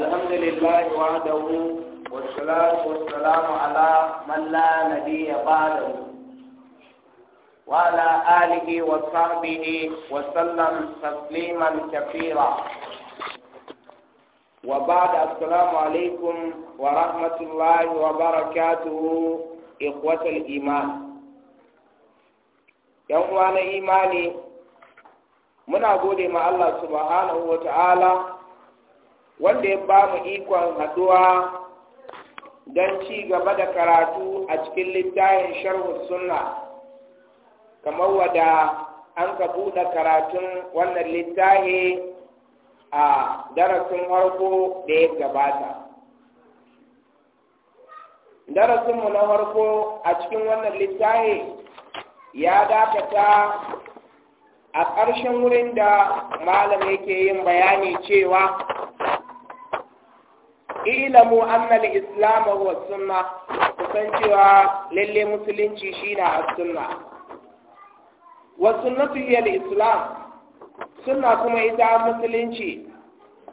الحمد لله وحده والصلاة والسلام على من لا نبي بعده وعلى آله وصحبه وسلم تسليما كثيرا وبعد السلام عليكم ورحمة الله وبركاته إخوة الإيمان يوم أنا إيماني muna gode ma Allah subhanahu wa ta'ala wanda ya ba mu ikon haduwa don ci gaba da karatu a cikin littafin sharhu sunna kamar wada an ka buɗe karatun wannan littafi a darasin harko da ya gabata darasinmu na harko a cikin wannan littafi ya dakata a ƙarshen wurin da malam yake yin bayani cewa ilamu annal islam huwa sunna kusan cewa lalle musulunci shine as-sunna wa sunnatu hiya al-islam sunna kuma ita musulunci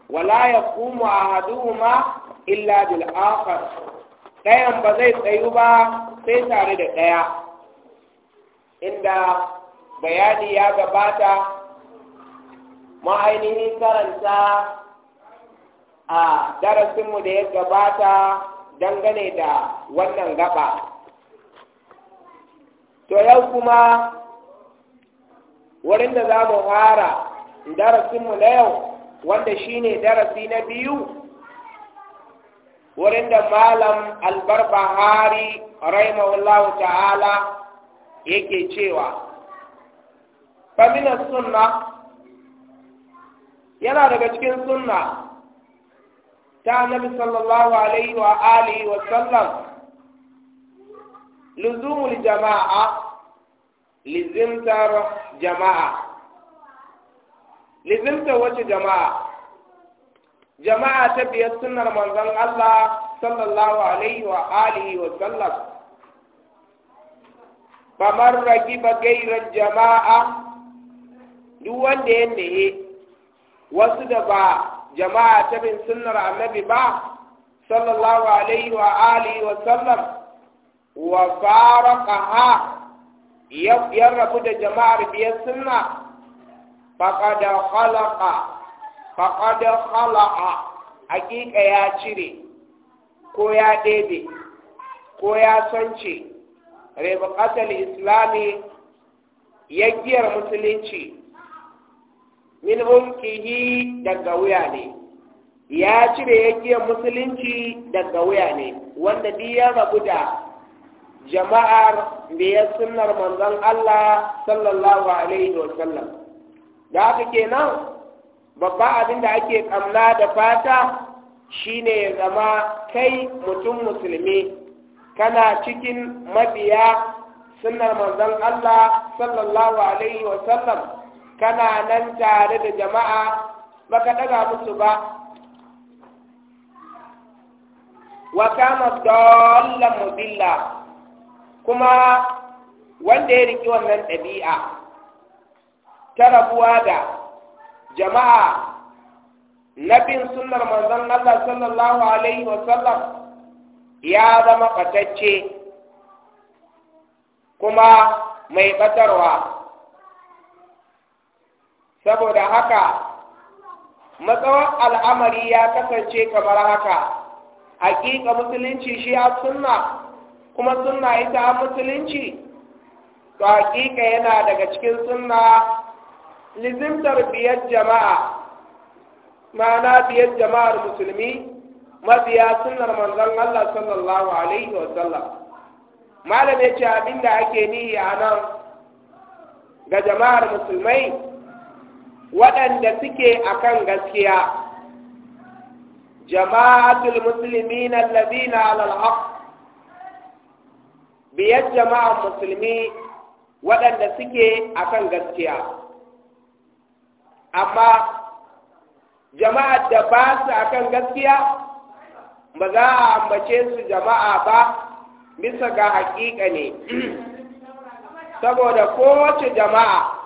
wala yaqumu ma illa bil akhar ba zai tsayu ba sai tare da ɗaya. inda bayani ya gabata ma'ainihin karanta a darasinmu da ya gabata dangane da wannan gaba to yau kuma wurin da za mu fara darasinmu na yau wanda shine darasi na biyu wurin da malam albarbahari rahimahullahu ta'ala yake cewa famina sunna yana daga cikin sunna ta annabi sallallahu alaihi wa alihi wa sallam luzumul jama'a lizimtar jama'a lizimtar wace jama'a jama'a ta biyar sunnar manzon Allah sallallahu alaihi wa alihi wa sallam famar ragiba gairar jama'a duk wanda ya nehe wasu da ba jama'a ta bin sunnar annabi ba sallallahu alaihi wa alihi wa sallam wa ya rabu da jama'ar biyar sunna faqad khalaqa faqad khalaqa hakika ya cire ko ya ɗebe ko ya sance rebaqatul islami yakiyar musulunci min mulkihi daga wuya ne ya cire yakiyar musulunci daga wuya ne wanda duk ya rabu da jama'ar da ya sunnar manzon Allah sallallahu alaihi wa sallam da haka kenan babba abin da ake kamna da fata shine ya zama kai mutum musulmi kana cikin mabiya sunnar manzon Allah sallallahu alaihi wa sallam kana nan tare da jama'a baka daga musu ba wa kama dalla mudilla kuma wanda ya riki wannan ɗabi'a ta rabuwa da jama'a na bin sunnar manzon Allah sallallahu alaihi wa sallam ya zama ɓatacce kuma mai ɓatarwa saboda haka matsawar al'amari ya kasance kamar haka hakika musulunci shi a sunna kuma sunna ita a musulunci to hakika yana daga cikin sunna lizimtar biyar jama'a ma'ana biyar jama'ar musulmi mabiya sunnar manzon Allah sallallahu alaihi wa sallam malam yace abinda ake nihi a nan ga jama'ar musulmai waɗanda suke akan gaskiya jama'atul musulmi na labina alhaq biyar jama'an musulmi waɗanda suke akan gaskiya amma jama'ar da ba su akan gaskiya ba za a ambace su jama'a ba bisa ga haƙiƙa ne saboda kowace jama'a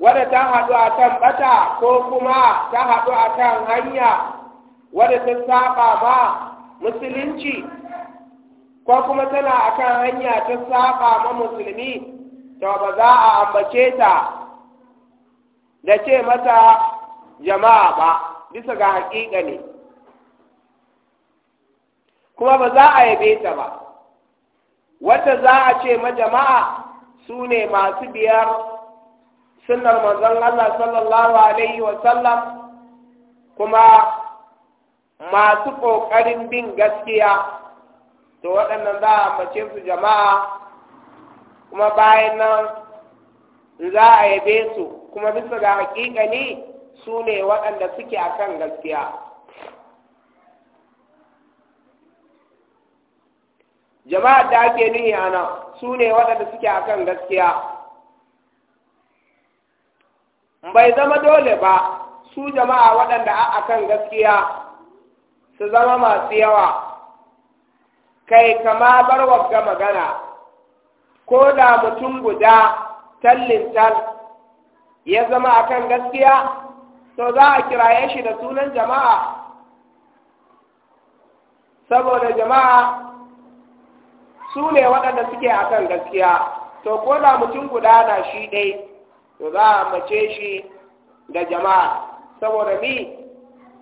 wadda ta haɗu a kan ɓata ko kuma ta haɗu a kan hanya wadda ta saba ma musulunci ko kuma tana a kan hanya ta saba ma musulmi to ba za a ambace ta da ce mata jama'a ba bisa ga haƙiƙa ne kuma ba za a yabe ta ba wata za a ce ma jama'a su ne masu biyar sunnar manzon Allah sallallahu alaihi wa sallam kuma masu ƙoƙarin bin gaskiya to waɗannan za a ambace su jama'a kuma bayan nan za a yabe su kuma bisa ga ne su ne waɗanda suke akan gaskiya jama'a da ake nihi ana su ne waɗanda suke akan gaskiya bai zama dole ba su jama'a waɗanda a kan gaskiya su zama masu yawa kai kama bar ga magana ko da mutum guda tallintal ya zama a kan gaskiya to za a kiraye shi da sunan jama'a saboda jama'a su ne waɗanda suke a kan gaskiya to ko da mutum guda na shi ɗai to za a mace shi da jama'a saboda ni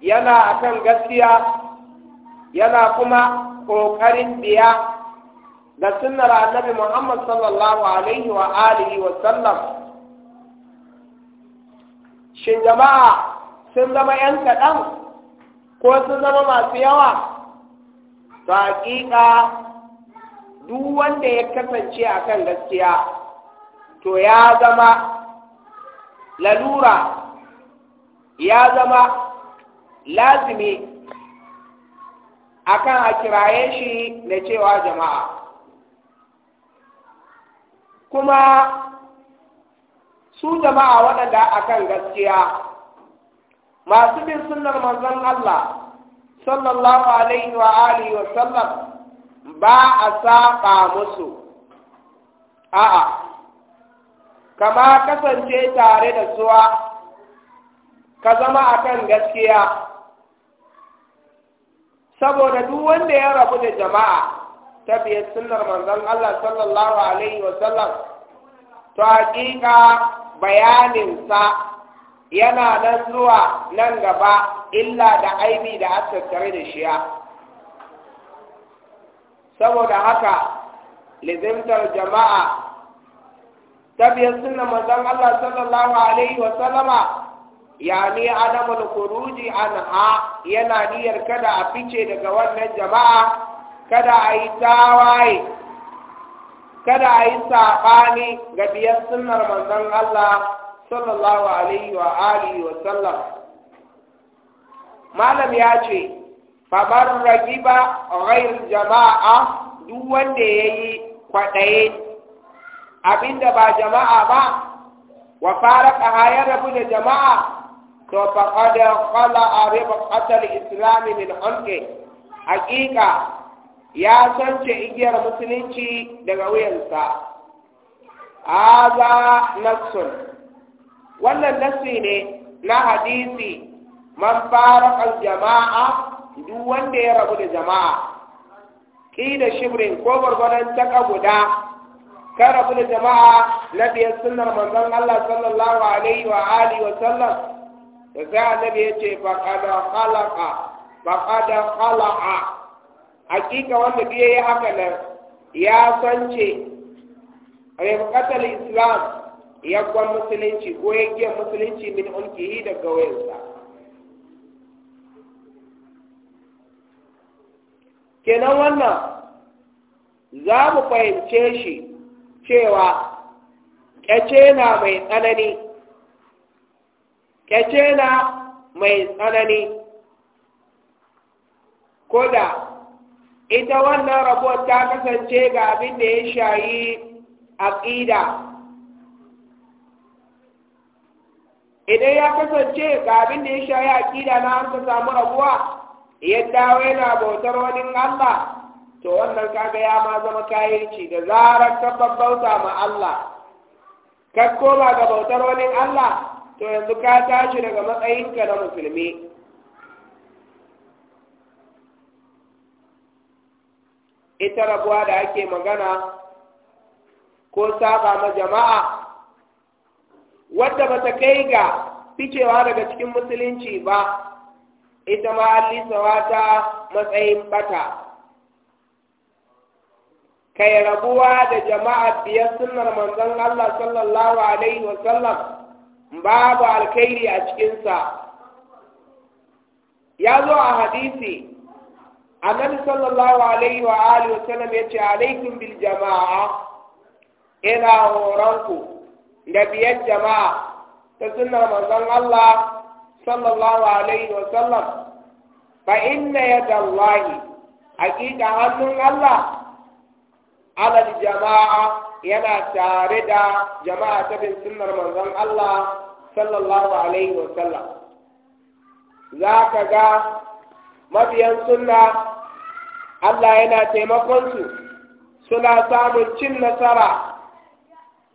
yana akan gaskiya yana kuma ƙoƙarin biya da sunnar annabi Muhammad sallallahu alaihi wa alihi wa sallam shin jama'a sun zama 'yan kaɗan ko sun zama masu yawa to haƙiƙa duk wanda ya kasance akan gaskiya to ya zama lalura ya zama lazimi akan a kiraye shi na cewa jama'a kuma su jama'a waɗanda akan gaskiya masu bin sunnar manzon Allah sallallahu alaihi wa alihi wa sallam ba a saba musu a'a kama kasance tare da suwa ka zama a kan gaskiya saboda duk wanda ya rabu da jama'a ta biyar sunar manzon Allah sallallahu alaihi wasallam to hakika bayaninsa yana nan zuwa nan gaba illa da aibi da tare da shiya saboda haka lizimtar jama'a ta biyar sunna Allah sallallahu alaihi wa sallama yani adamul khuruji anha yana niyyar kada a fice daga wannan jama'a kada a yi tawaye kada a yi saɓani ga biyar sunnar manzon Allah sallallahu alaihi wa alihi wa sallam malam ya ce babar ragiba ghair jama'a duk wanda yayi kwaɗaye Abin da ba jama'a ba wa faraka ya rabu da jama'a to faqad qala arifa qatal islam min hanke. hakika ya sance igiyar musulunci daga wuyansa Aza nassun wannan nassi ne na hadisi man jama'a duk wanda ya rabu da jama'a da shibrin ko gwargwadon taka guda ka rabu jama'a na biyar sunnar manzon Allah sallallahu alaihi wa alihi wa sallam da sai annabi ya ce faqada khalaqa faqada khalaqa hakika wanda biye ya haka nan ya sance rifqatul islam ya gwan musulunci ko ya giya musulunci min ulkihi daga wayansa kenan wannan za mu fahimce shi cewa kece na mai tsanani kece na mai tsanani ko da ita wannan rabuwar ta kasance ga abin da ya shayi aƙida idan ya kasance ga abin da ya shayi aƙida na an samu rabuwa ya dawo yana bautar wani Allah to wannan kaga ya ma zama kayanci da zarar ka bauta ma Allah ka koma ga bautar wani Allah to yanzu ka tashi daga matsayinka na musulmi ita rabuwa da ake magana ko saba ma jama'a wadda ba ta kai ga ficewa daga cikin musulunci ba ita ma ta matsayin bata kai rabuwa da jama'a biyar sunnar manzon Allah sallallahu alaihi wa sallam babu alkhairi a cikinsa ya zo a hadisi annabi sallallahu alaihi wa alihi wa sallam ya ce alaikum bil jama'a ina horonku da biyar jama'a ta sunnar manzon Allah sallallahu alaihi wa sallam fa inna yadallahi hakika hannun Allah alal jama'a yana tare da jama'a ta bin sunnar manzon Allah sallallahu alaihi wa sallam za ka ga mabiyan sunna Allah yana taimakon su. suna samun cin nasara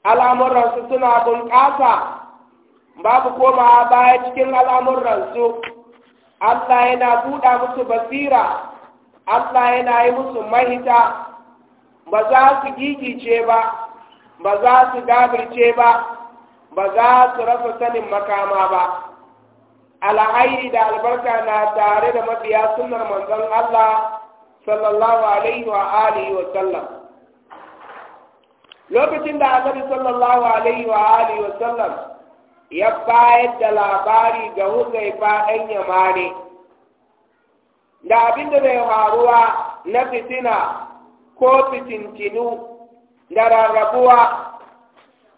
al'amuransu suna bunƙasa babu koma baya cikin al'amuransu Allah yana buɗa musu basira Allah yana yi musu mahita ba za su gigice ba ba za su gabirce ba ba za su rasa sanin makama ba alhairi da albarka na tare da mabiya sunnar manzon Allah sallallahu alaihi wa alihi wa sallam lokacin da annabi sallallahu alaihi wa alihi wa sallam ya bayar da labari ga Huzaifa ɗan Yamani da abin da bai faruwa na fitina ko fitintinu da rarrabuwa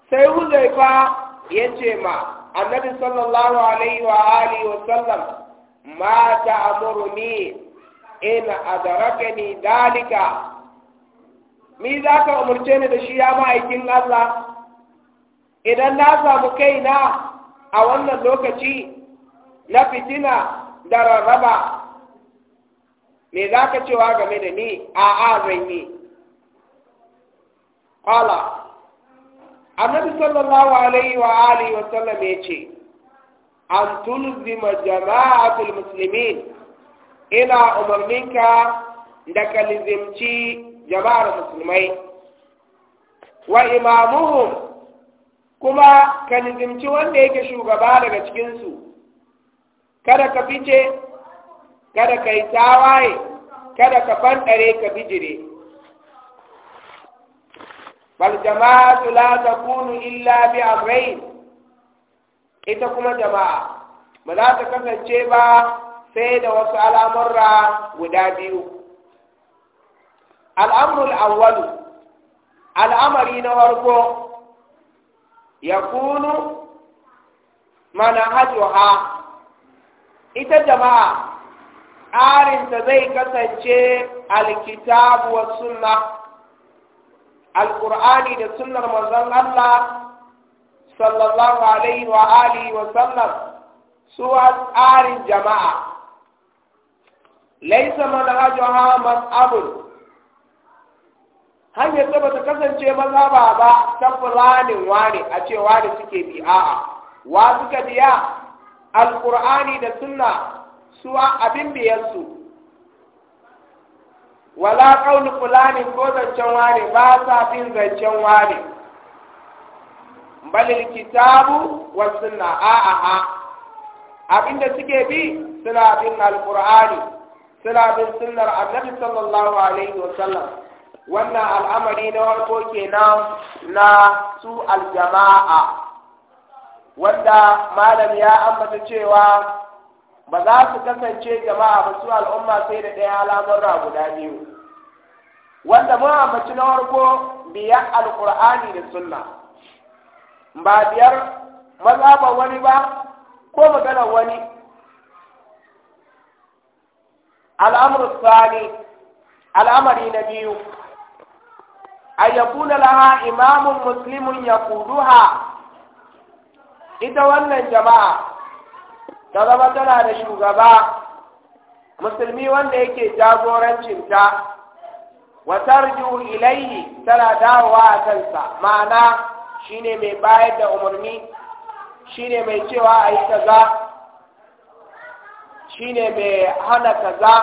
sai huzaifa ya ce ma annabi sallallahu alaihi wa alihi wa sallam ma ta'muruni in adarakani dalika mi za ka umarce ni da shi ya ma'aikin Allah idan na samu kaina a wannan lokaci na fitina da rarraba me za ka cewa game da ni a'a zan A qala annabi sallallahu alaihi wa alihi wa sallam ce an tulzima jama'atul muslimin ina umarninka da ka lizimci jama'ar musulmai wa imamuhum kuma ka lizimci wanda yake shugaba daga cikinsu kada ka fice kada ka yi tawaye kada ka fanɗare ka bijire bal jama'atu la takunu illa bi amrayn ita kuma jama'a ba za ta kasance ba sai da wasu al'amurra guda biyu al'amrul awwalu al'amari na farko ya kunu mana ha. ita jama'a tsarin da zai kasance alkitabu wa sunna alƙur'ani da sunnar manzon Allah sallallahu alaihi wa alihi wa sallam su a tsarin jama'a laisa manhajuha Abul. hanyar da bata kasance maza ba ba ta fulanin wani a ce wani suke bi a'a wa suka biya alƙur'ani da sunna suwa abin biyansu wala kauli fulani ko zancen wani ba sa bin zancen wani balil kitabu wa sunna a'a ha abinda suke bi suna bin Alƙur'ani, suna bin sunnar annabi sallallahu alaihi wa sallam wannan al'amari na farko kenan na su aljama'a wanda malam ya ambata cewa ba za su kasance jama'a ba su al'umma sai da ɗaya alamurra guda biyu wanda mun ambaci na farko biya alkur'ani da sunna ba biyar mazaban wani ba ko maganar wani al'amur sani al'amari na biyu ayyabu na laha imamun Musulmin ya kuduha ita wannan jama'a ta zama tana da shugaba musulmi wanda yake jagorancinta wa tarju ilaihi tana dawowa a kansa ma'ana shine mai bayar da umarni shine mai cewa a yi kaza shine mai hana kaza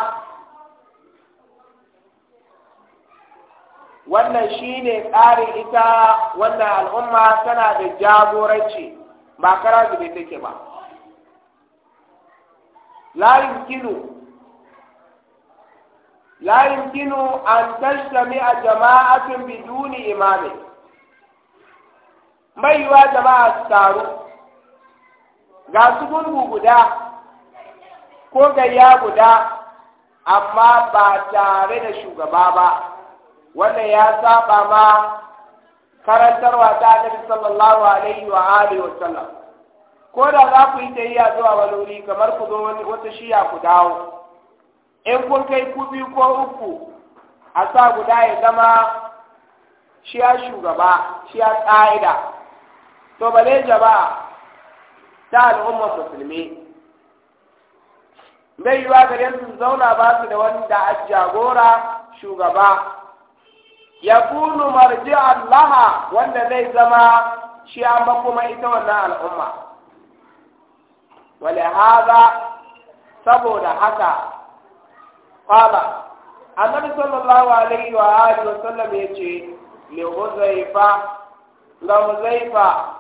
wannan shine tsarin ita wannan al'umma tana da jagoranci ba kara zube take ba لا يمكن لا يمكن أن تجتمع جماعة بدون إمام mai yiwa jama'a su taru ga su gungu guda ko gayya guda amma ba tare da shugaba ba wannan ya saba ma karantarwa ta annabi sallallahu alaihi wa ko da za ku yi ta tayya zuwa wani kamar ku zo wata shiya ku dawo in kun kai ku biyu ko uku a sa guda ya zama shiya shugaba shiya tsa'ida to bale jama'a ta al'ummar musulmi bai wa gare su zauna ba su da wanda a jagora shugaba ya kunu marji Allaha, wanda zai zama shi an makoma ita wannan al'umma wale haza saboda haka kwaba annabi sallallahu alaihi wa alihi wa sallam ya ce li huzaifa la huzaifa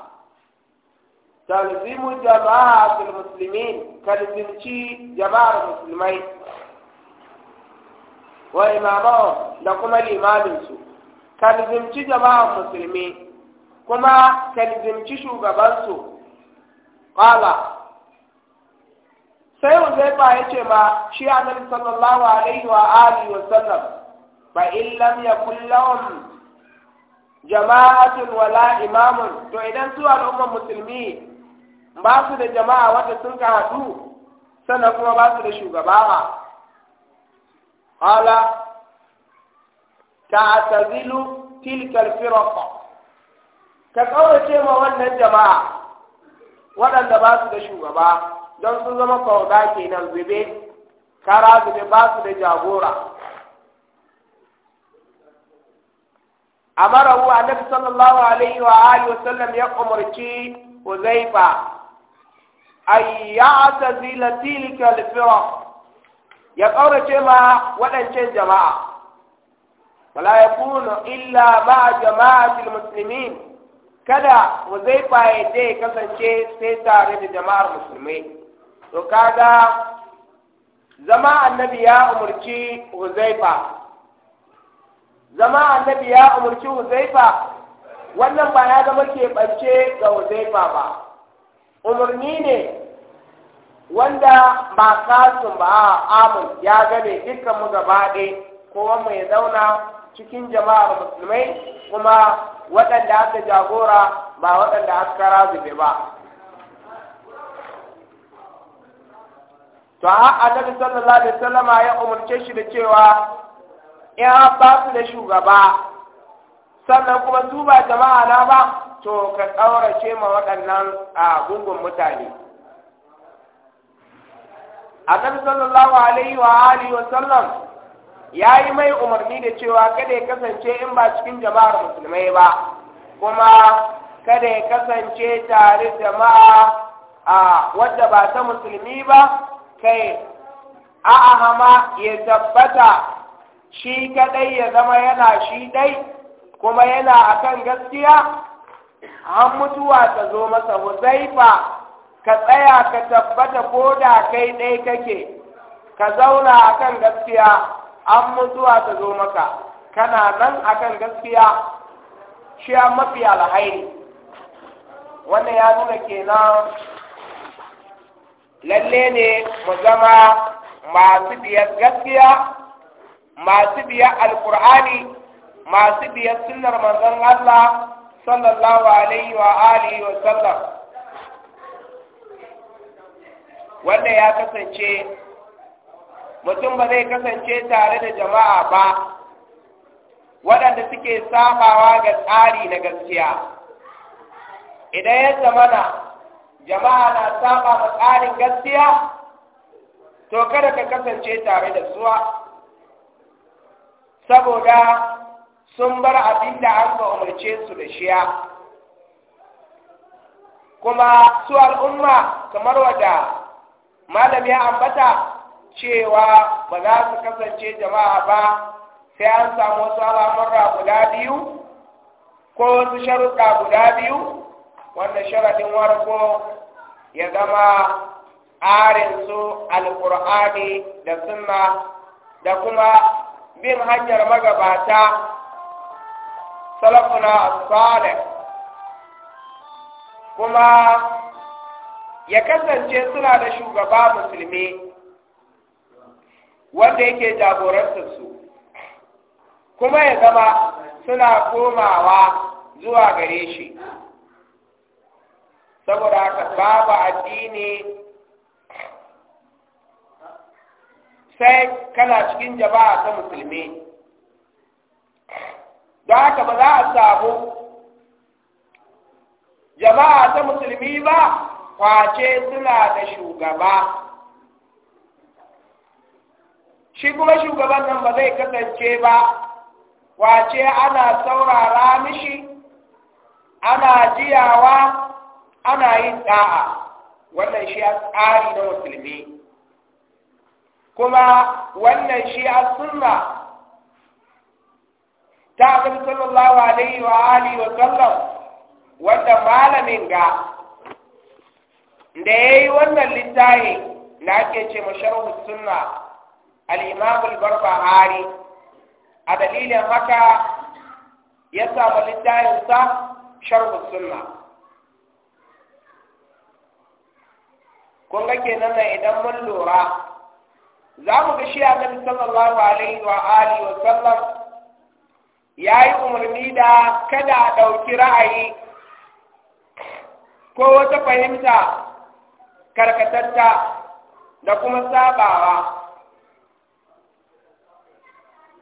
tanzimu jama'atul muslimin kalzimci jama'ar musulmai wa imamahu da kuma limamin su kalzimci jama'ar musulmi kuma shugabansu sai huzaifa ya ce ma shi annabi sallallahu alaihi wa alihi wa sallam fa in lam yakul lahum jama'atun wala imamun to idan su al'ummar musulmi ba su da jama'a wanda sun ka hadu sannan kuma ba su da shugaba ba hala ta'tazilu al-firqa ka kaurace ma wannan jama'a waɗanda ba su da shugaba don sun zama fauda kenan zube kara zube ba su da jagora amarahu annabi sallallahu alaihi wa alihi wa sallam ya umarci huzaifa ay ya'tazila tilka al-firaq ya kaurace ma waɗancan jama'a wala yakunu illa ma jama'atil muslimin kada huzaifa ya kasance sai tare da jama'ar musulmai to kaga zama annabi ya umarci huzaifa zama annabi ya umarci huzaifa wannan ba ya zama ke bance ga huzaifa ba umarni ne wanda ba kasun ba amin ya gane dukkan mu gaba ɗaya kowa mai zauna cikin jama'ar musulmai kuma waɗanda aka jagora ba waɗanda aka razube ba to har annabi sallallahu alaihi wasallam ya umarce shi da cewa ya ba su da shugaba sannan kuma su jama'a na ba to ka ƙaurace ma waɗannan a gungun mutane annabi sallallahu alaihi wa alihi wasallam ya yi mai umarni da cewa kada ya kasance in ba cikin jama'ar musulmai ba kuma kada ya kasance tare jama'a a wadda ba ta musulmi ba kai a ahama ya tabbata shi kadai ya zama yana shi dai kuma yana akan gaskiya an mutuwa ta zo masa huzaifa ka tsaya ka tabbata ko da kai ɗai kake ka zauna akan gaskiya an mutuwa ta zo maka kana nan akan gaskiya shi an mafi alhairi wannan ya nuna kenan lalle ne mu zama masu biyar gaskiya masu biyar alkur'ani masu biyar sunnar manzon Allah sallallahu alaihi wa alihi wa sallam wanda ya kasance mutum ba zai kasance tare da jama'a ba waɗanda suke sabawa ga tsari na gaskiya idan ya zamana jama'a na saba da tsarin gaskiya to kada ka kasance tare da suwa saboda sun bar abin da an ka umarce su da shiya kuma su al'umma kamar wadda malam ya ambata cewa ba za su kasance jama'a ba sai an samu wasu al'amurra guda biyu ko wasu sharuɗa guda biyu wanda sharadin warko ya zama arin su da sunna da kuma bin hanyar magabata salafuna salih kuma ya kasance suna da shugaba musulmi wanda yake jagorantar su kuma ya zama suna komawa zuwa gare shi saboda haka babu addini sai kana cikin jama'a ta musulmi don haka ba za a samu jama'a ta musulmi ba kwace suna da shugaba shi kuma shugaban nan ba zai kasance ba kwace ana saurara mishi ana jiyawa ana yin da'a wannan shi a tsari na musulmi kuma wannan shi a sunna ta abin sallallahu alaihi wa alihi wa sallam wanda malamin ga da ya yi wannan littafi na ake ce masharhu sunna al-imam al a dalilin haka ya samu littafinsa sharhu sunna kun ga kenan nan idan mun lura za mu ga shi a nan sallallahu alaihi wa alihi wa sallam ya yi umarni da kada a ɗauki ra'ayi ko wata fahimta karkatatta da kuma sabawa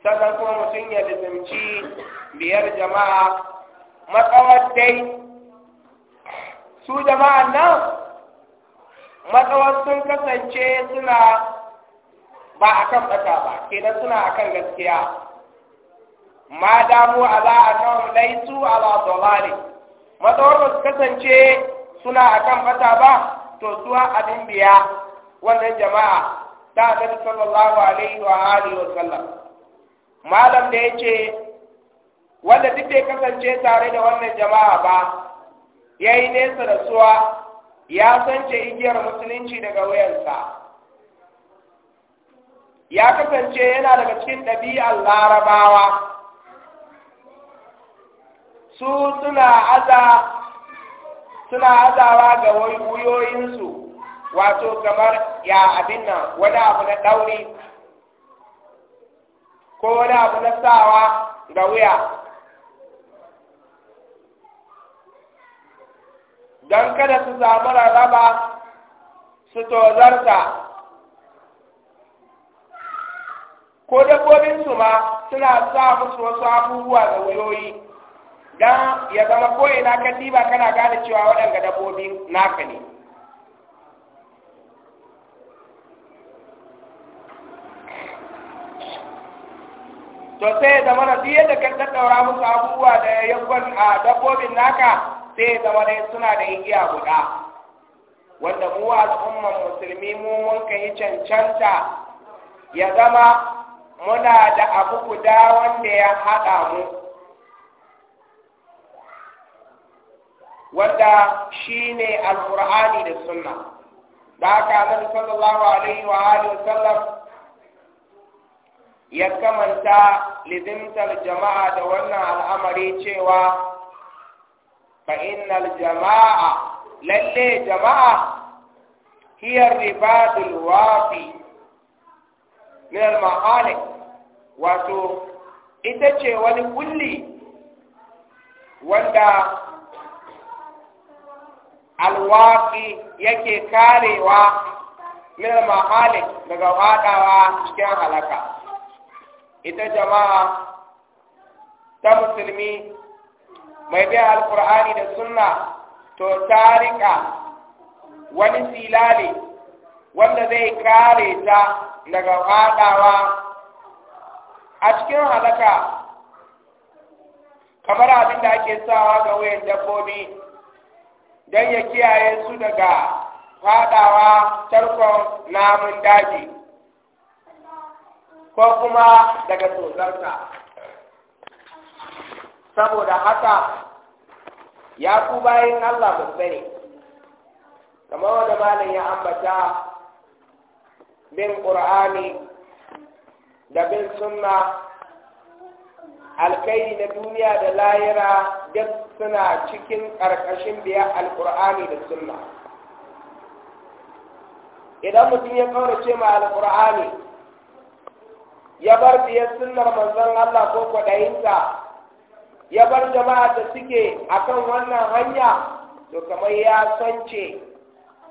sannan kuma mutum ya lizimci biyar jama'a matsawar dai su jama'a nan matsawar sun kasance suna ba a kan ɓata ba kenan suna a kan gaskiya ma damu ala kan laisu ala dalali matsawar ba su kasance suna a kan ɓata ba to suwa abin biya wannan jama'a ta annabi sallallahu alaihi wa alihi wa sallam malam da ce wanda duk bai kasance tare da wannan jama'a ba ya yi nesa da suwa ya sance igiyar musulunci daga wayarsa ya kasance yana daga cikin ɗabi'ar larabawa su suna suna azawa ga wuyoyinsu wato kamar ya abin nan wani abu na ɗauri ko wani abu na sawa ga wuya don kada su samu raba su tozarta ko dabbobinsu ma suna sa musu wasu abubuwa da wuyoyi don ya zama ko'ina ka diba kana gane cewa waɗanda dabbobi naka ne to sai ya zama na yadda kan daddaura musu abubuwa da yankon a dabbobin naka sai zama dai suna da igiya guda wanda mu al'umman musulmi mu mun kai cancanta ya zama muna da abu guda wanda ya haɗa mu wanda shi ne alƙur'ani da sunna da aka nan sallallahu alaihi wa alihi sallam ya kamanta lidimtar jama'a da wannan al'amari cewa fa innal jama'a lalle jama'a hiya ribadul wafi min al ma'alik wato ita ce wani kulli wanda alwaƙi yake karewa min mahalik daga waɗawa cikin halaka ita jama'a ta musulmi mai bin alkur'ani da sunna to ta rika wani silale wanda zai kare ta daga fadawa a cikin halaka kamar abin da ake sawa ga wuyan dabbobi don ya kiyaye su daga fadawa tarkon namun daji ko kuma daga tozarta saboda haka ya ku bayan Allah ba sani kamar wanda malam ya ambata bin ƙur'ani da bin sunna alkairi na duniya da layira duk suna cikin ƙarƙashin biya alƙur'ani da sunna idan mutum ya kaurace ma alƙur'ani ya bar biyar sunnar manzon Allah ko kwaɗayinsa ya bar jama'a da suke akan wannan hanya to kamar ya sance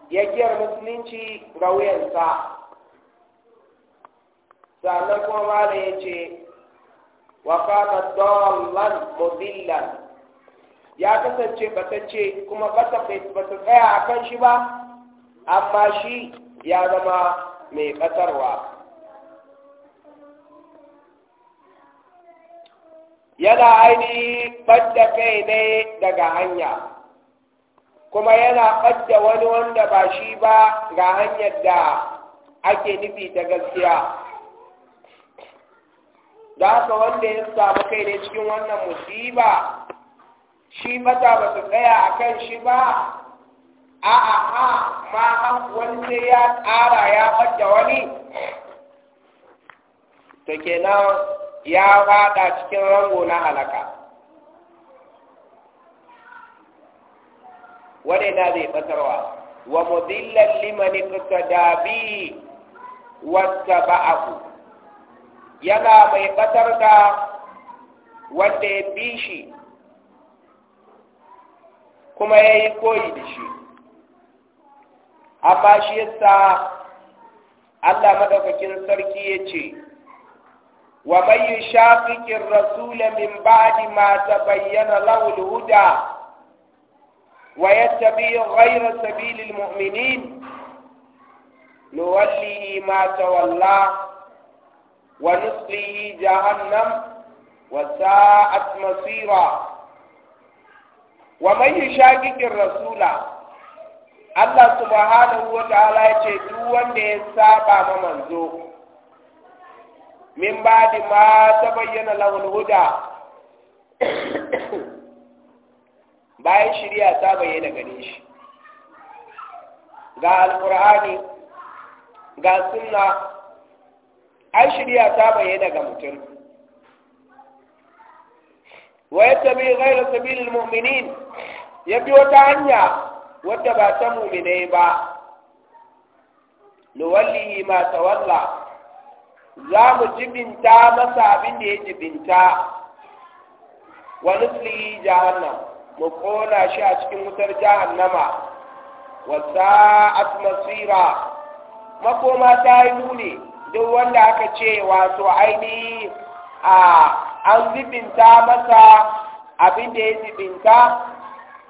ya giyar musulunci ga wuyansa sannan kuma mala ya ce wa kana dallan mudillan ya kasance batacce kuma bata bata tsaya kan shi ba amma shi ya zama mai batarwa yana ainihi ɓadda kai ne daga hanya kuma yana ɓadda wani wanda ba shi ba ga hanyar da ake nufi ta gaskiya da haka wanda ya samu kai ne cikin wannan musiba shi mata ba su tsaya a kan shi ba a a a ma an wanda ya ƙara ya ɓadda wani ta kenan ya fada cikin rango na halaka na zai batarwa wa mudillan liman iqtada bi wattaba'ahu yana mai batar da wanda ya bi shi kuma ya yi koyi da shi amma shi yasa Allah madaukakin sarki ya ce ومن يشاقق الرسول من بعد ما تبين له الهدى ويتبع غير سبيل المؤمنين نوليه ما تولى ونصليه جهنم وساءت مصيرا ومن يشاقق الرسول الله سبحانه وتعالى يقول دون سابع ومنزوه min ba di ma ta bayyana lahul huda bayan shirya ta bayyana gare shi ga alkur'ani ga sunna ai shirya ta bayyana ga mutum wa yattabi ghayra sabilil mu'minin ya bi wata hanya wadda ba ta mu'minai ba nuwallihi ma tawalla za mu jibinta masa abin da ya jibinta wa nuslihi jahannam mu kona shi a cikin wutar jahannama wa sa'at masira makoma ta yi nuni duk wanda aka ce wato ainihi a an jibinta masa abin da ya jibinta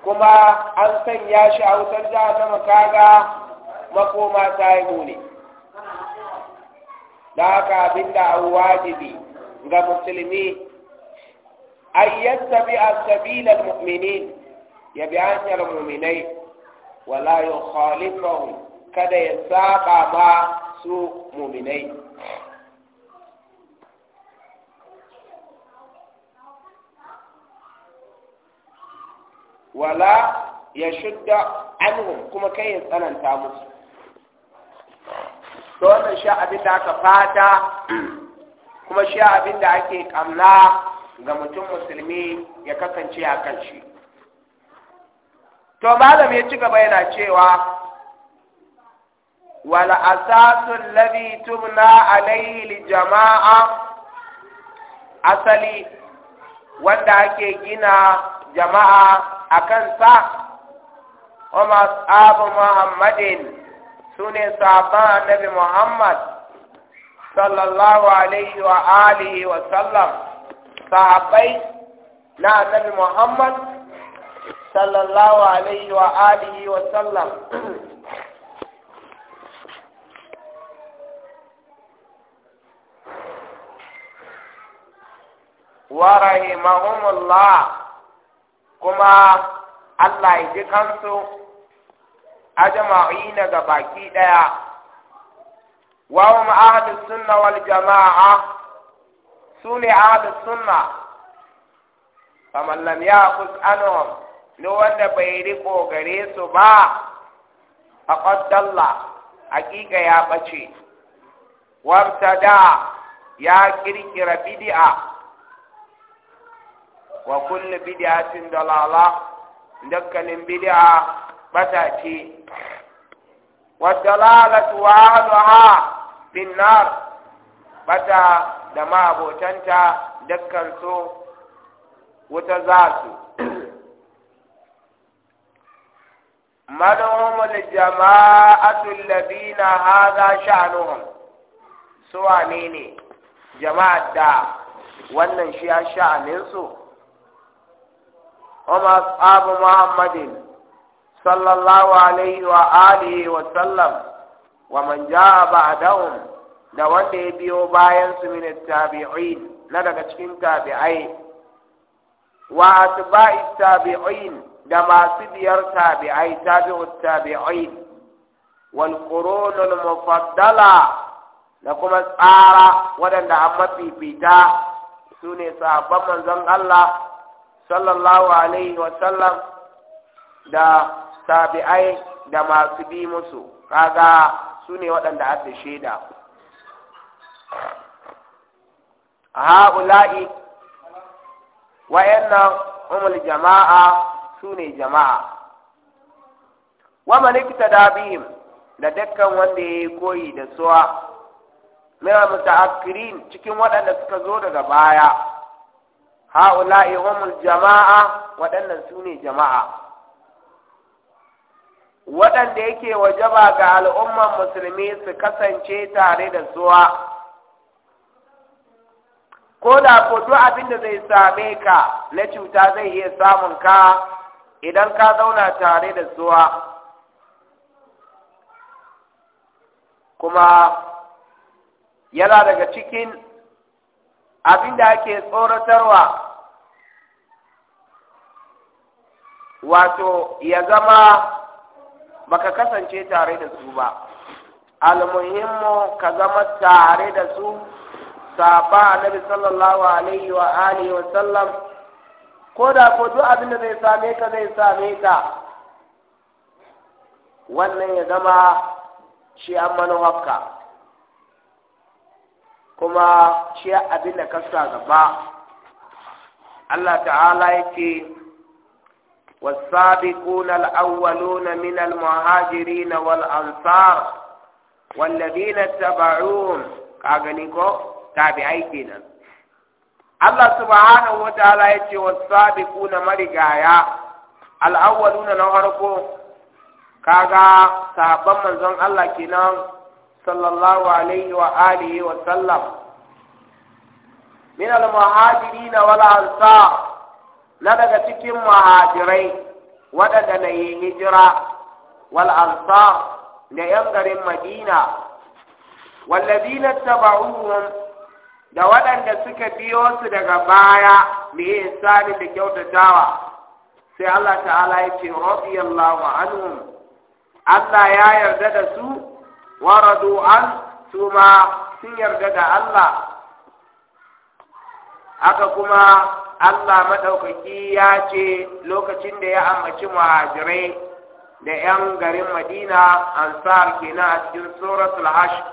kuma an sanya shi a wutar jahannama kaga makoma ta yi nuni ذاك بدا واجبي عند المسلمين اي يتبع سبيل المؤمنين يبي عشر المؤمنين ولا يخالفهم كذا يساق ما سوء مؤمنين ولا يشد عنهم كما كي يسألن تامسوا to wannan sha abin da aka fata kuma sha abin da ake kamna ga mutum musulmi ya kasance a kan shi to malam ya ci gaba yana cewa wal asasun ladhi tubna alayhi jama'a asali wanda ake gina jama'a akan sa Umar Abu Muhammadin Sune saba nabi Muhammad sallallahu alaihi wa alihi wa sallam sahabai na nabi Muhammad sallallahu alaihi wa alihi wa sallam wa rahimahumullah kuma Allah ya ji kansu ajma'ina ga baki ɗaya. wa hum ahlus sunna wal jama'a sune ahlus sunna faman lam ya'khudh anhum wanda bai riko gare su ba faqad dalla hakika ya bace da ya kirkira bidi'a. wa kullu bid'atin dalala dukkanin bidi'a. bata ce waddalalatu wa ahluha bin nar bata da ma abotanta dukkan su wuta za su منهم a الذين هذا su wane ne جماعة da wannan shi ya sha'aninsu, Umar Abu Muhammadin sallallahu alaihi wa alihi wa sallam wa man jaa da wanda ya biyo bayan su min tabi'in na daga cikin tabi'ai wa atba'i tabi'in da masu biyar tabi'ai tabi'u tabi'in wal qurunul mufaddala da kuma tsara waɗanda an mafifita su ne sahabban manzon Allah sallallahu alaihi wa sallam da tabi'ai da masu bi musu kaga su ne waɗanda aka shaida ha'ula'i wayannan umul jama'a su ne jama'a wa malikta da bihim da dukkan wanda ya yi koyi da suwa mera muta'akkirin cikin waɗanda suka zo daga baya ha'ula'i umul jama'a waɗannan su ne jama'a waɗanda yake wajaba ga al'umman musulmi su kasance tare da zuwa ko da ko abin da zai same ka na cuta zai iya samun ka idan ka zauna tare da zuwa kuma yana daga cikin abin da ake tsoratarwa wato ya zama baka kasance tare da su ba almuhimmu ka zama tare da su saba annabi sallallahu alaihi wa alihi wa sallam ko da ko duk abin da zai same ka zai same ka wannan ya zama shi an manuwarka kuma shi abin da ka sa gaba Allah ta'ala yake والسابقون الأولون من المهاجرين والأنصار والذين اتبعوهم كاغنيكو تابعيتنا الله سبحانه وتعالى يتي والسابقون مرقايا الأولون نهركو كاغا صحابا من زن الله كنان صلى الله عليه وآله وسلم من المهاجرين والأنصار na daga cikin mahajirai waɗanda na yi hijira wal da yan garin madina wallazina tabauhum da waɗanda suka biyo su daga baya yi sani da kyautatawa sai Allah ta'ala ya ce radiyallahu anhum Allah ya yarda da su wa radu an su ma sun yarda da Allah aka kuma Allah maɗaukaki ya ce lokacin da ya ambaci muhajirai da 'yan garin Madina ansar kenan a cikin na suratul hash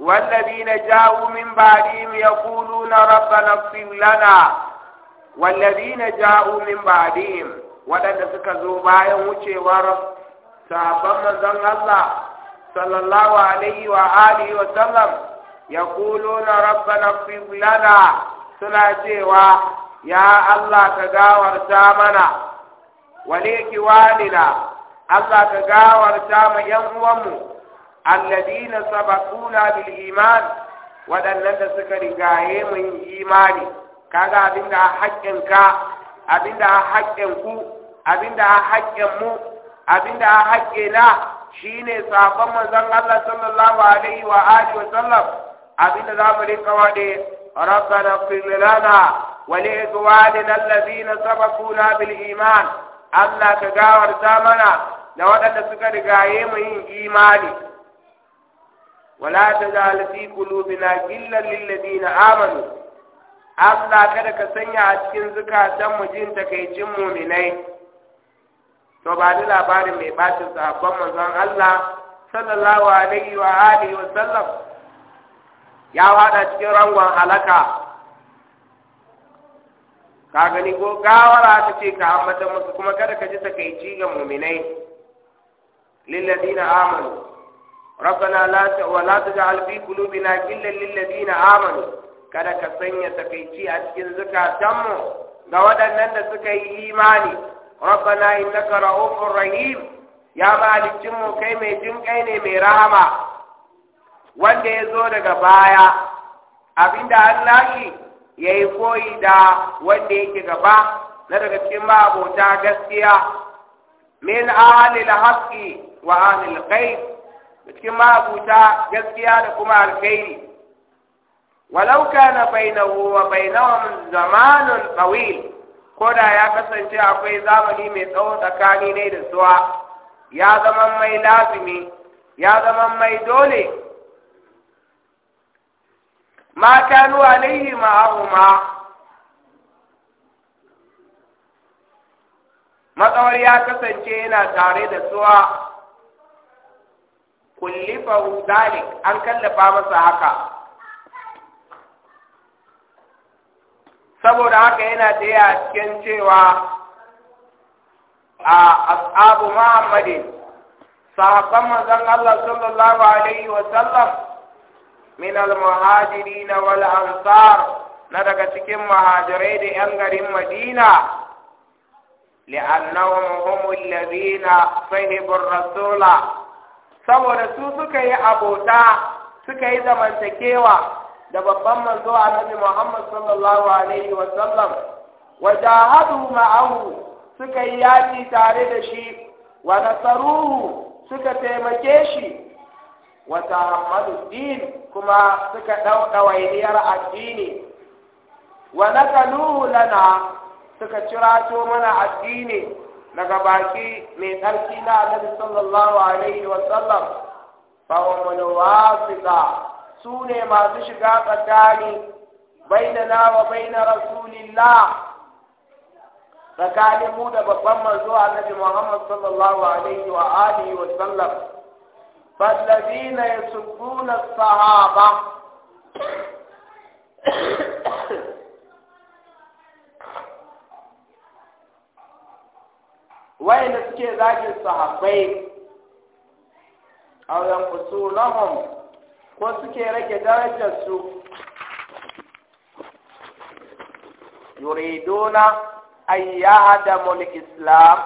والذين na من بعدهم يقولون ربنا na لنا والذين جاءوا من yin waɗanda suka zo bayan wucewar sabon manzon Allah sallallahu alaihi wa alihi wa sallam na rabbana ighfir suna cewa ya Allah ka gawarta mana wale kiwanina Allah ka gawarta ma ‘yan uwanmu alladina sabaquna bil iman wadannan da suka rigaye mu imani kaga abinda haƙƙin ka abinda haƙƙin ku abinda haƙƙin mu abinda haƙƙe na shine sabon manzon Allah sallallahu alaihi wa alihi wa sallam abinda zamu rika wade ربنا اغفر لنا ولإخواننا الذين سبقونا بالإيمان Allah ka gawarta mana da waɗanda suka rigaye mu yin imani wala tajal fi na ghillan lil ladina amanu Allah kada ka sanya a cikin zukatan mu jin takeicin mu'minai to ba da labarin mai bacin sahabban manzon Allah sallallahu alaihi wa alihi wa sallam ya wada cikin rangon halaka ka gani ko gawara ta ce ka ambata musu kuma kada ka ji takaici ga muminai lilladina amanu rabbana la ta wa la taj'al fi qulubina ghillan lilladina amanu kada ka sanya takaici a cikin zakatanmu ga waɗannan da suka yi imani rabbana innaka ra'ufur rahim ya malikin mu kai mai jin kai ne mai rahama wanda ya zo daga baya abinda Allah shi ya yi koyi da wanda yake gaba na daga cikin ma'abota gaskiya min ahalil haqqi wa ahalil da cikin ma'abota gaskiya da kuma alkhairi walau kana bainahu wa bainahum zamanun tawil koda ya kasance akwai zamani mai tsawo tsakani ne da suwa ya zama mai lazimi ya zama mai dole ma kanu alaihi ma'ahuma matsawar ya kasance yana tare da suwa kullifahu dalik an kallafa masa haka saboda haka yana da ya cikin cewa a ashabu muhammadin sahabban manzon Allah sallallahu alaihi wa sallam min al-muhajirin wal ansar na daga cikin muhajirai da yan garin madina li'annahum hum alladhina sahibu rasula saboda su suka yi abota suka yi zamantakewa da babban manzo annabi Muhammad sallallahu alaihi wa sallam wajahadu ma'ahu suka yi yaki tare da shi wa nasaruhu suka taimake shi wa tahammadu din kuma suka ɗauɗawainiyar addini wa nakalu lana suka cirato mana addini daga baki mai tsarki na annabi sallallahu alaihi wa sallam fa wa su ne masu shiga tsakani bainana wa baina rasulillah tsakanin mu da babban manzo annabi Muhammad sallallahu alaihi wa sallam فالذين يسبون الصحابة وين سكي ذاك الصحابين أو ينقصونهم وسكي لك درجة سوء يريدون أن يهدموا الإسلام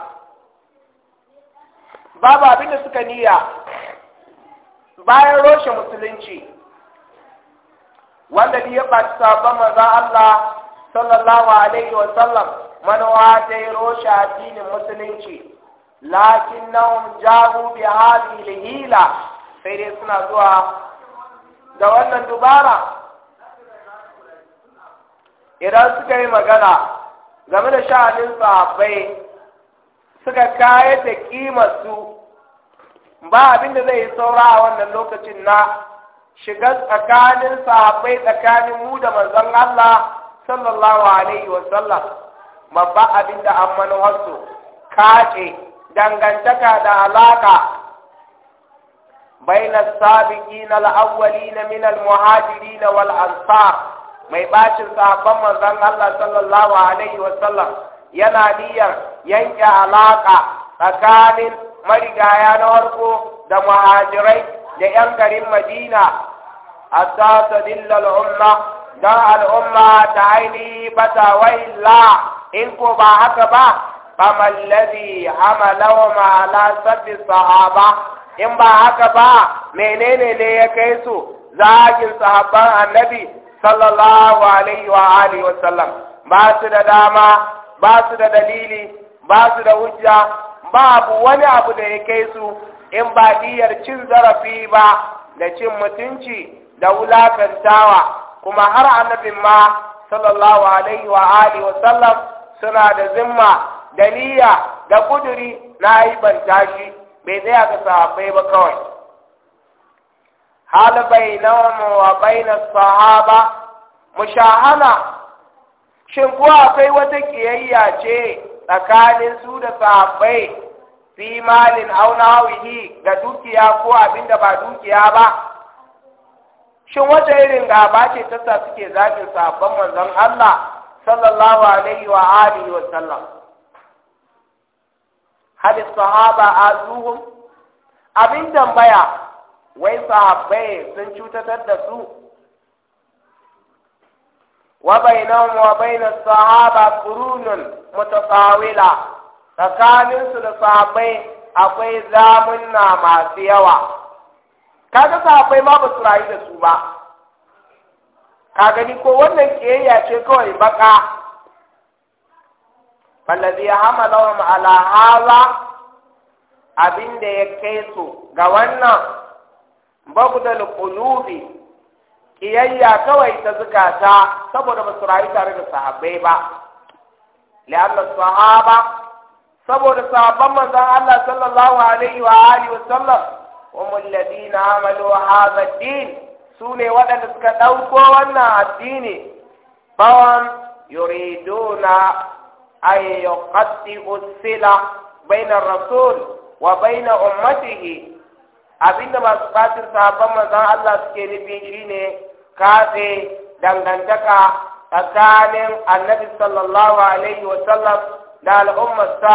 بابا بنا سكنية bayan roshe musulunci wanda ya ɓaci sabon maza Allah sallallahu alaihi wa sallam manowa ta yi roshe addinin musulunci lakin nan jahu bi hali hila sai dai suna zuwa da wannan dubara idan suka yi magana game da sha'anin sahabbai suka kayar da su ba abin da zai yi saura a wannan lokacin na shiga tsakanin sahabbai tsakanin mu da manzon Allah sallallahu alaihi wa sallam babba abin da an manuwarsu kace dangantaka da alaka baina sabiqin al la'awwali min al-muhajirin wal ansar mai bacin sahabban manzon Allah sallallahu alaihi wa sallam yana niyyar yanke alaka tsakanin marigaya na warko da muhajirai da 'yan garin madina a sasa dillar umma don al'umma ta ainihi bata waila in ko ba haka ba Ba ladhi hamalahu ma sabbi sahaba in ba haka ba menene ne ya kai su zagin sahabban annabi sallallahu alaihi wa alihi wasallam ba su da dama ba su da dalili ba su da hujja babu wani abu da ya kai su in ba diyar cin zarafi ba da cin mutunci da wulakantawa kuma har annabin ma sallallahu alaihi wa alihi wa sallam suna da zimma da niyya da kuduri na yi bantashi, bai tsaya ga sahabbai ba kawai hal bainahum wa baina sahaba mushahana shin ko akwai wata kiyayya ce tsakanin su da sahabbai fi malin auna ga dukiya ko abinda ba dukiya ba shin wata irin gaba ce ta sa suke zaɓin sahabban manzon Allah sallallahu alaihi wa alihi wa sallam hal sahaba azuhum abin tambaya wai sahabbai sun cutatar da su وبينهم وبين sahaba قرون متطاولة tsakanin su da sahabbai akwai zamunna masu yawa Ka sahabbai ma ba su da su ba ka gani ko wannan kiyayya ce kawai baka wallazi hamalahum ala hadha abinda ya kai su ga wannan babu da qulubi kiyayya kawai ta zukata saboda ba su rayu tare da sahabbai ba li'anna sahaba saboda sahabban manzon Allah sallallahu alaihi wa alihi wa sallam umul ladina amalu hadha din sune wadanda suka dauko wannan addini bawan yuriduna ay yuqaddi'u sila bainar rasul wa baina ummatihi abinda masu fatin sahabban manzon Allah suke nufi shine katse dangantaka tsakanin annabi sallallahu alaihi wasallam da al'ummarsa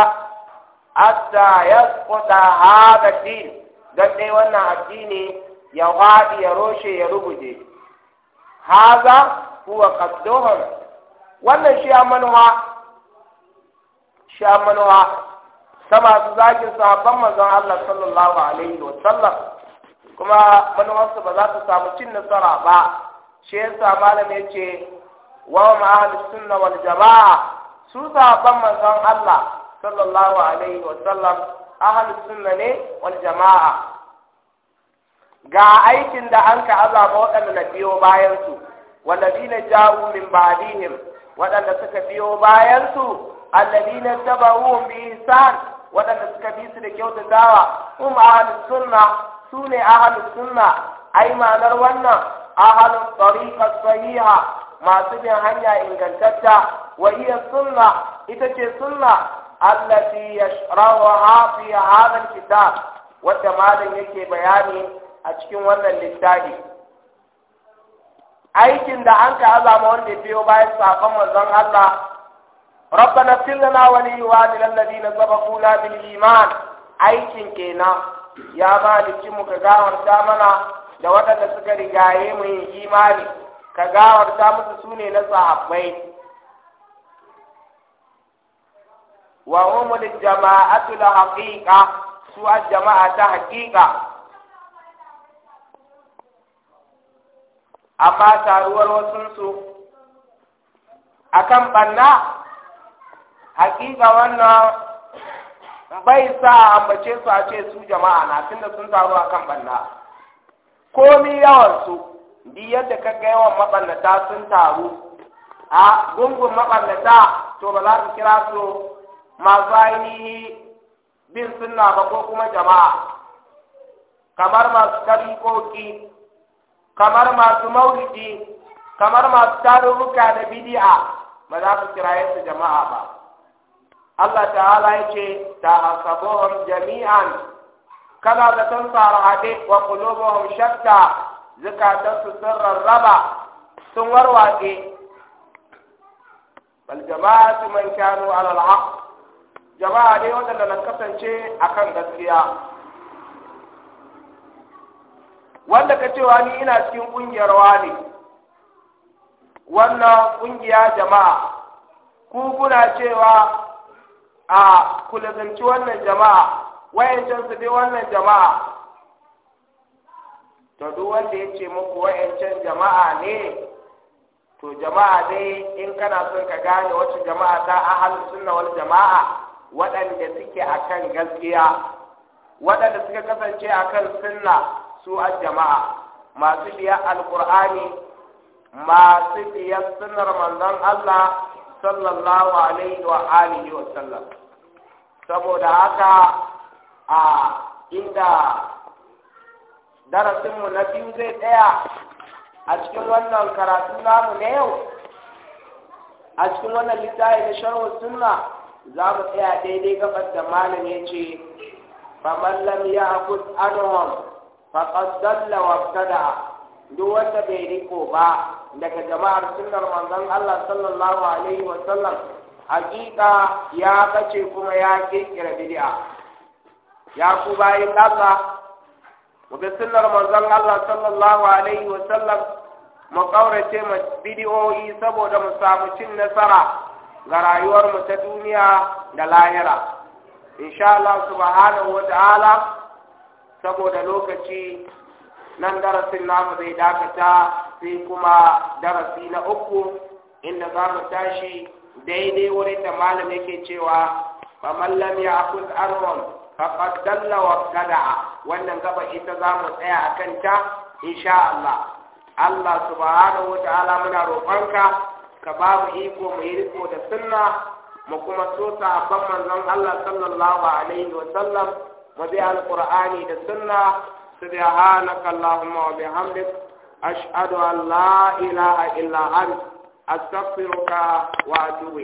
hatta ya kuɗa haɗa din don dai wannan addini ya waɗi ya roshe ya rubuje haza kuwa kaddohon wannan shi manuwa shi manuwa ta masu zagin sahabban manzon Allah sallallahu alaihi wa sallam. kuma manuwarsu ba za ta samu cin nasara ba shi yasa malam ce wa ma ahlus sunna wal jamaa su sahabban manzon Allah sallallahu alaihi wa sallam ahlus sunna ne wal jamaa ga aikin da an ka azaba waɗanda biyo bayan su walladina ja'u min ba'dihim waɗanda suka biyo bayan su alladina tabahu bi ihsan waɗanda suka bi su da dawa, hum ahlus sunna su ne ahlus sunna ai ma'anar wannan ahalu tariqa sahiha masu bin hanya ingantatta wa iya sunna ita ce sunna allati yashraha fi hadha alkitab wanda malam yake bayani a cikin wannan littafi aikin da an ka azama wanda biyo bayan safan manzon Allah ربنا اغفر لنا ولإخواننا الذين سبقونا iman aikin kenan ya ba mu ka gawarta mana da waɗanda suka rigaye mu yin imani ka gawarta musu sune na sahabbai wa umul jama'atu la haqiqa su a jama'a ta haqiqa amma taruwar wasunsu akan banna haƙiƙa wannan bai sa ambace su a ce su jama'a na tunda sun taru akan banna komi yawansu bi yadda ka ga yawan maɓallata sun taru a gungun maɓallata to ba za su kira su masu ainihi bin sunna ba ko kuma jama'a kamar masu tarikoki kamar masu maulidi kamar masu tarurruka da bidi'a ba za su kira yadda jama'a ba Allah ta'ala ya ce ta hasabuhum jami'an kana da tun tsara haɗe wa qulubuhum shakka zakatan su sun rarraba sun warwatse bal su man kanu ala haq jama'a ne wanda na kasance akan gaskiya wanda ka cewa ni ina cikin ƙungiyar wani wannan ƙungiya jama'a ku kuna cewa a kulazanci wannan jama'a wayancan su wannan jama'a to duk wanda ya ce muku wayancan jama'a ne to jama'a dai in kana son ka gane wacce jama'a ta halin sunna wal jama'a waɗanda suke akan gaskiya waɗanda suka kasance a kan sunna su a jama'a masu biya alkur'ani masu biya sunnar manzon Allah sallallahu alaihi wa alihi wa sallam saboda haka a inda darasinmu na biyu zai tsaya a cikin wannan karatu namu na yau a cikin wannan littafi na sharhu sunna za mu tsaya daidai gabar da malam ya ce faman lam ya'khudh anhum faqad dalla wa ibtada duk wanda bai riko ba daga jama'ar sunnar manzon Allah sallallahu alaihi wa sallam hakika ya kace kuma ya kirkira bid'a ya ku bayin Allah mu bi sunnar manzon Allah sallallahu alaihi wa sallam mu kaurace mu bidiyoyi saboda mu samu cin nasara ga rayuwar mu ta duniya da lahira insha Allah subhanahu wa ta'ala saboda lokaci nan darasin namu zai dakata sai kuma darasi na uku inda za mu tashi daidai wurin da malam yake cewa faman ya ya'khudh arwan faqad dalla wa kada'a wannan gaba ita za mu tsaya a kanta insha Allah Allah subhanahu wata'ala muna roƙonka ka ba mu iko mu yi riko da sunna mu kuma so sahabban manzon Allah sallallahu alaihi wa sallam mu bi alqur'ani da sunna subhanaka allahumma wa bihamdik ashhadu an la ilaha illa anta astaghfiruka wa atubu